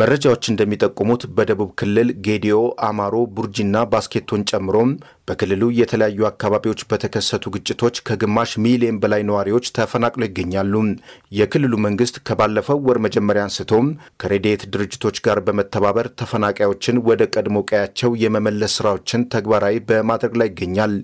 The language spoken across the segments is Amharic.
መረጃዎች እንደሚጠቁሙት በደቡብ ክልል ጌዲዮ፣ አማሮ፣ ቡርጂና ባስኬቶን ጨምሮ በክልሉ የተለያዩ አካባቢዎች በተከሰቱ ግጭቶች ከግማሽ ሚሊዮን በላይ ነዋሪዎች ተፈናቅለው ይገኛሉ። የክልሉ መንግስት ከባለፈው ወር መጀመሪያ አንስቶም ከሬዲየት ድርጅቶች ጋር በመተባበር ተፈናቃዮችን ወደ ቀድሞ ቀያቸው የመመለስ ስራዎችን ተግባራዊ በማድረግ ላይ ይገኛል።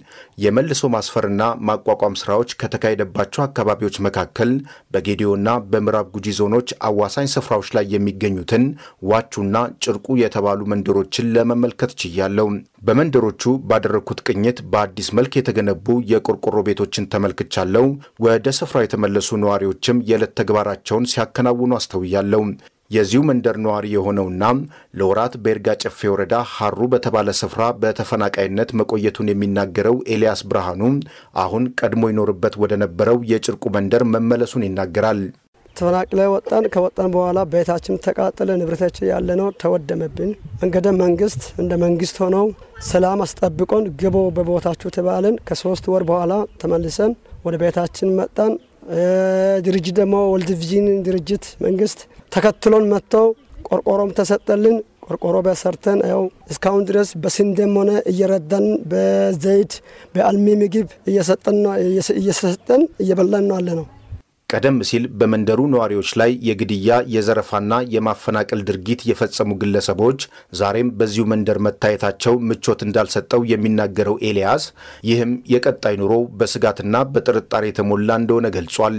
የመልሶ ማስፈርና ማቋቋም ስራዎች ከተካሄደባቸው አካባቢዎች መካከል በጌዲዮና በምዕራብ ጉጂ ዞኖች አዋሳኝ ስፍራዎች ላይ የሚገኙትን ዋቹና ጭርቁ የተባሉ መንደሮችን ለመመልከት ችያለው። በመንደሮቹ ባደረግኩት ቅኝት በአዲስ መልክ የተገነቡ የቆርቆሮ ቤቶችን ተመልክቻለው። ወደ ስፍራው የተመለሱ ነዋሪዎችም የዕለት ተግባራቸውን ሲያከናውኑ አስተውያለው። የዚሁ መንደር ነዋሪ የሆነውና ለወራት በይርጋ ጨፌ ወረዳ ሀሩ በተባለ ስፍራ በተፈናቃይነት መቆየቱን የሚናገረው ኤልያስ ብርሃኑ አሁን ቀድሞ ይኖርበት ወደ ነበረው የጭርቁ መንደር መመለሱን ይናገራል። ተፈናቅለ ወጣን። ከወጣን በኋላ ቤታችን ተቃጠለ፣ ንብረታችን ያለ ነው ተወደመብን። እንግደ መንግስት እንደ መንግስት ሆነው ሰላም አስጠብቆን ግቦ በቦታችሁ ተባለን። ከሶስት ወር በኋላ ተመልሰን ወደ ቤታችን መጣን። ድርጅት ደግሞ ወልድ ቪዥን ድርጅት መንግስት ተከትሎን መጥተው ቆርቆሮም ተሰጠልን። ቆርቆሮ በሰርተን ያው እስካሁን ድረስ በስንዴም ሆነ እየረዳን በዘይት በአልሚ ምግብ እየሰጠን እየበላን ነው አለ ነው ቀደም ሲል በመንደሩ ነዋሪዎች ላይ የግድያ የዘረፋና የማፈናቀል ድርጊት የፈጸሙ ግለሰቦች ዛሬም በዚሁ መንደር መታየታቸው ምቾት እንዳልሰጠው የሚናገረው ኤልያስ ይህም የቀጣይ ኑሮ በስጋትና በጥርጣሬ የተሞላ እንደሆነ ገልጿል።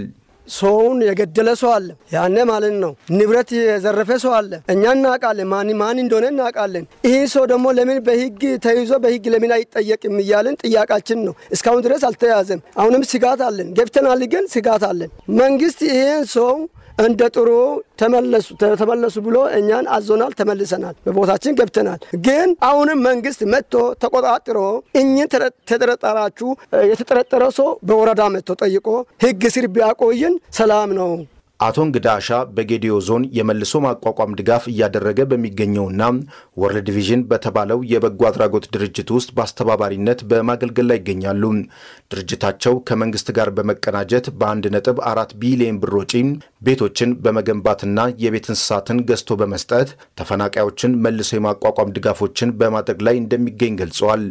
ሰውን የገደለ ሰው አለ፣ ያነ ማለት ነው። ንብረት የዘረፈ ሰው አለ። እኛ እናውቃለን፣ ማን ማን እንደሆነ እናውቃለን። ይህ ሰው ደግሞ ለምን በህግ ተይዞ በህግ ለምን አይጠየቅም እያለን ጥያቃችን ነው። እስካሁን ድረስ አልተያዘም። አሁንም ስጋት አለን። ገብተናል፣ ግን ስጋት አለን። መንግስት ይህን ሰው እንደ ጥሩ ተመለሱ ብሎ እኛን አዞናል። ተመልሰናል፣ በቦታችን ገብተናል። ግን አሁንም መንግስት መጥቶ ተቆጣጥሮ እኝን ተጠረጠራችሁ የተጠረጠረ ሰው በወረዳ መጥቶ ጠይቆ ህግ ስር ቢያቆይን ሰላም ነው አቶ እንግዳ አሻ በጌዲዮ ዞን የመልሶ ማቋቋም ድጋፍ እያደረገ በሚገኘውና ወርልድ ዲቪዥን በተባለው የበጎ አድራጎት ድርጅት ውስጥ በአስተባባሪነት በማገልገል ላይ ይገኛሉ። ድርጅታቸው ከመንግስት ጋር በመቀናጀት በአንድ ነጥብ አራት ቢሊዮን ብር ወጪ ቤቶችን በመገንባትና የቤት እንስሳትን ገዝቶ በመስጠት ተፈናቃዮችን መልሶ የማቋቋም ድጋፎችን በማድረግ ላይ እንደሚገኝ ገልጸዋል።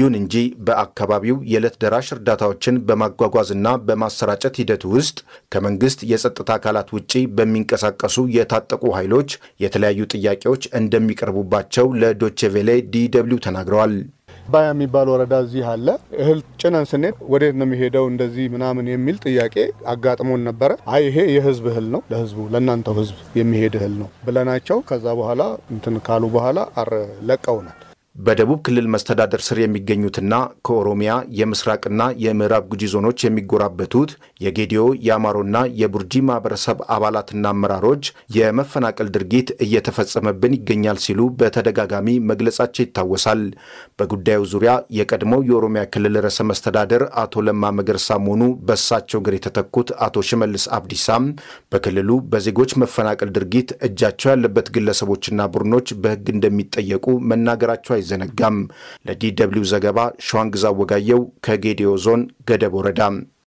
ይሁን እንጂ በአካባቢው የዕለት ደራሽ እርዳታዎችን በማጓጓዝና በማሰራጨት ሂደት ውስጥ ከመንግስት የጸጥታ አካላት አባላት ውጪ በሚንቀሳቀሱ የታጠቁ ኃይሎች የተለያዩ ጥያቄዎች እንደሚቀርቡባቸው ለዶቼ ቬሌ ዲደብሊው ተናግረዋል። ባያ የሚባል ወረዳ እዚህ አለ። እህል ጭነን ስንሄድ ወዴት ነው የሚሄደው እንደዚህ ምናምን የሚል ጥያቄ አጋጥሞን ነበረ። አይ ይሄ የህዝብ እህል ነው፣ ለህዝቡ ለእናንተው ህዝብ የሚሄድ እህል ነው ብለናቸው ከዛ በኋላ እንትን ካሉ በኋላ አር ለቀውናል። በደቡብ ክልል መስተዳደር ስር የሚገኙትና ከኦሮሚያ የምስራቅና የምዕራብ ጉጂ ዞኖች የሚጎራበቱት የጌዲዮ የአማሮና የቡርጂ ማህበረሰብ አባላትና አመራሮች የመፈናቀል ድርጊት እየተፈጸመብን ይገኛል ሲሉ በተደጋጋሚ መግለጻቸው ይታወሳል። በጉዳዩ ዙሪያ የቀድሞው የኦሮሚያ ክልል ርዕሰ መስተዳደር አቶ ለማ መገርሳ መሆኑ በሳቸው ግር የተተኩት አቶ ሽመልስ አብዲሳም በክልሉ በዜጎች መፈናቀል ድርጊት እጃቸው ያለበት ግለሰቦችና ቡድኖች በሕግ እንደሚጠየቁ መናገራቸው አይዘ አይዘነጋም። ለዲ ደብልዩ ዘገባ ሸዋንግዛ ወጋየው ከጌዲዮ ዞን ገደብ ወረዳ